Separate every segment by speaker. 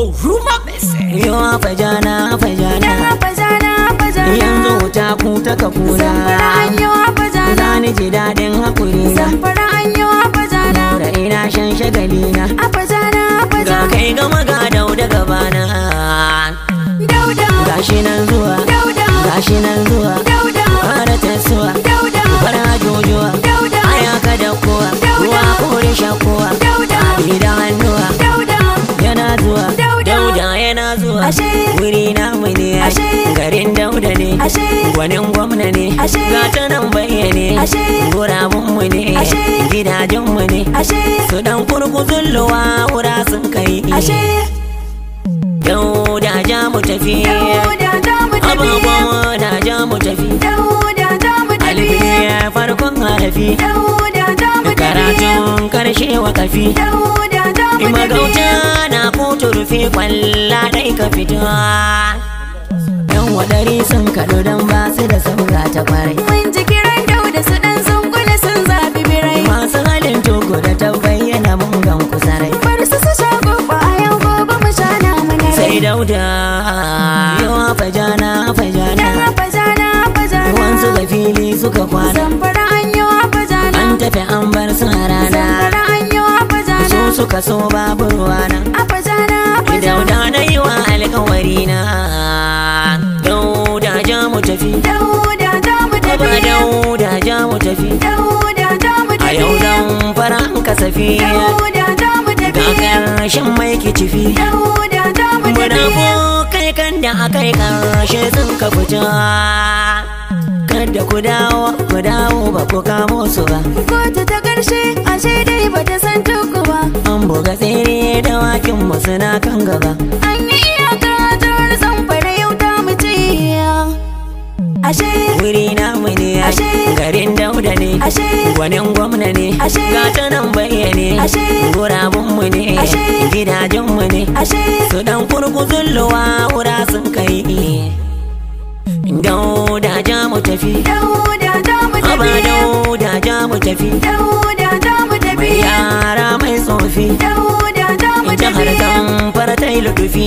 Speaker 1: Oh, ruma mese. Yawa fajana fajana. fajana fajana. Yanzu wuta ku ta ka kula. Zamfara hanyawa fajana. ni ji daɗin hakuri na. Zamfara hanyawa fajana. Da ina shan shagali na. A fajana fajana. Ga kai gama ga dauda gabana. Dauda. Gashi nan zuwa. Dauda. Gashi nan zuwa. wuri namu Ashe. garin dauda ne gwanin gwamna ne gata nan bayyane gurabunmu ne gidajenmu ne su dan kurkuzun luwa wura sun kai dauda ja mu tafi abubuwa da ja mu tafi alfiya farkon harafi karatun karshe wa kafi fi kwalla dai ka fito Yan wadari sun kaɗu don ba su da saura ta kwarai Mun ji kiran dau da su ɗan sun sun zabi birai Masu halin tuku da ta bayyana mun gan kusarai Bar su su sha gobe a yau gobe mu sha na mana Sai dauda yawa fajana fajana Yawa fajana fajana Ruwan su da fili suka kwana Zamfara an wa fajana An tafi an bar su a rana Zamfara an wa fajana Su suka so babu ruwana shan mai ki cifi Muna kai kan da aka yi karshe sun ka fita Kada ku dawo, ku dawo ba ku kamo su ba Kotu ta karshe ashe dai ba ta san tuku ba An buga tsere da wakin musu na kan gaba An yi iyaka ta wani zamfara yau ta mace Ashe Wuri na mu ne ashe Garin dauda ne ashe Gwanin gwamna ne ashe Gata nan ne gurabunmu ne mu ne su dan kurkuzun luwa wura sun kai dauda ja mu tafi aba dauda ja mu tafi yara mai tsofi jihar zamfara ta yi lutufi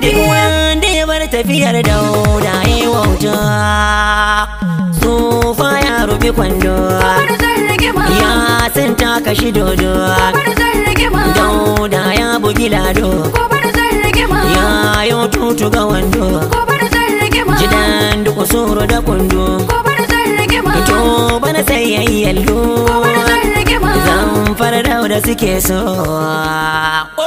Speaker 1: duk wanda ya bar tafiyar dauda ya yi wauta tsufa ya rufe kwando rigima ya san ta kashi dodo gobar zan rigima dauda ya bugi lado gobar zan rigima ya yo tutu ga wando gobar zan rigima jidan duk soro da kundo gobar zan rigima to bana sai yayi yallo zan
Speaker 2: fara da suke
Speaker 1: so